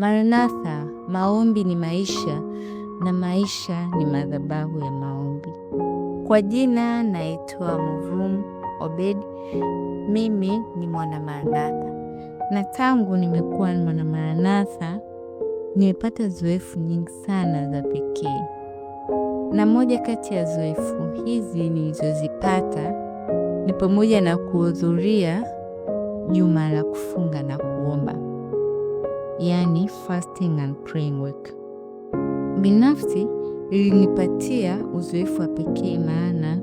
Maranatha, maombi ni maisha na maisha ni madhabahu ya maombi. Kwa jina naitwa Mvum Obed, mimi ni mwana Maranatha, na tangu nimekuwa mwana Maranatha nimepata zoefu nyingi sana za pekee, na moja kati ya zoefu hizi nilizozipata ni pamoja na kuhudhuria juma la kufunga na kuomba yani fasting and praying work. Binafsi ilinipatia uzoefu wa pekee, maana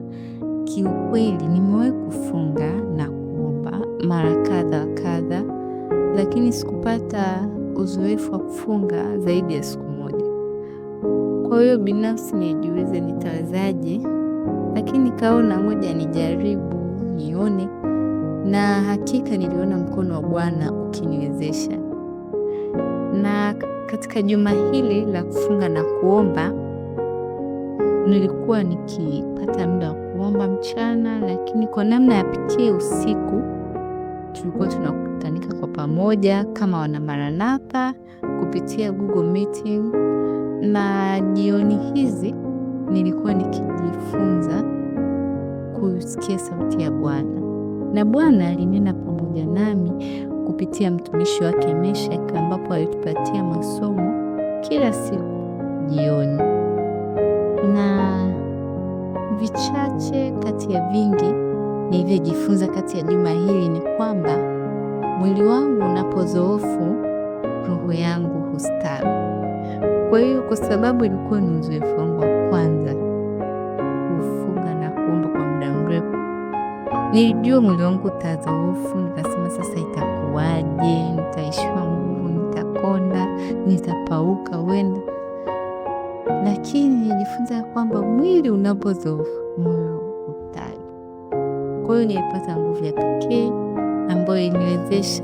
kiukweli nimewahi kufunga na kuomba mara kadha wa kadha, lakini sikupata uzoefu wa kufunga zaidi ya siku moja. Kwa hiyo binafsi nijiulize nitawezaje, lakini kaona moja nijaribu nione, na hakika niliona mkono wa Bwana ukiniwezesha. Na katika juma hili la kufunga na kuomba, nilikuwa nikipata muda wa kuomba mchana, lakini kwa namna ya pekee usiku tulikuwa tunakutanika kwa pamoja kama wana Maranatha kupitia Google Meeting, na jioni hizi nilikuwa nikijifunza kusikia sauti ya Bwana na Bwana alinena pamoja nami kupitia mtumishi wake meshek ambapo alitupatia masomo kila siku jioni, na vichache kati ya vingi nilivyojifunza kati ya juma hili ni kwamba mwili wangu unapozoofu, roho yangu hustawi. Kwa hiyo, kwa sababu ilikuwa ni uzoefu wangu wa kwanza kufunga na kuomba kwa muda mrefu, nilijua mwili wangu utazoofu, nikasema sasa itakuwa nilijifunza kwamba mwili unapodhoofu moyo hustawi. Kwa hiyo nilipata nguvu ya pekee ambayo iliniwezesha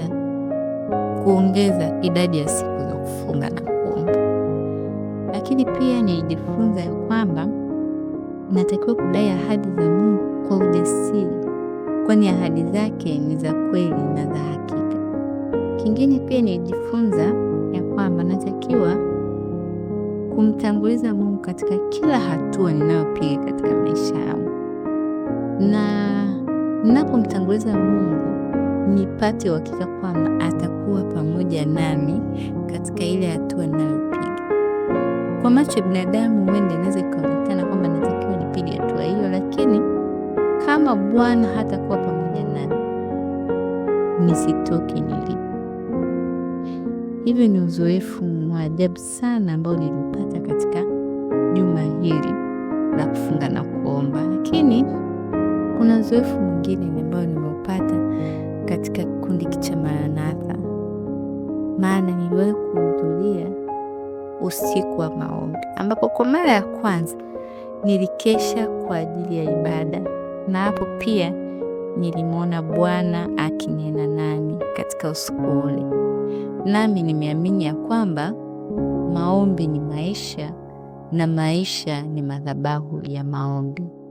kuongeza idadi ya siku za kufunga na kuomba, lakini pia nilijifunza ya kwamba natakiwa kudai ahadi za Mungu kwa ujasiri, kwani ahadi zake ni za kweli na za hakika. Kingine pia nilijifunza ya kwamba natakiwa kumtanguliza Mungu katika kila hatua ninayopiga katika maisha yangu, na ninapomtanguliza Mungu nipate uhakika kwamba atakuwa pamoja nami katika ile hatua ninayopiga. Kwa macho ya binadamu, huenda inaweza ikaonekana kwamba natakiwa nipige hatua hiyo, lakini kama Bwana hatakuwa pamoja nami, nisitoke nilipo. Hivyo ni uzoefu wa ajabu sana ambao nili katika juma hili la kufunga na kuomba. Lakini kuna uzoefu mwingine ambayo nimeupata katika kikundi cha Maranatha, maana niliwahi kuhudhuria usiku wa maombi, ambapo kwa mara ya kwanza nilikesha kwa ajili ya ibada, na hapo pia nilimwona Bwana akinena nami katika usiku ule, nami nimeamini ya kwamba maombi ni maisha na maisha ni madhabahu ya maombi.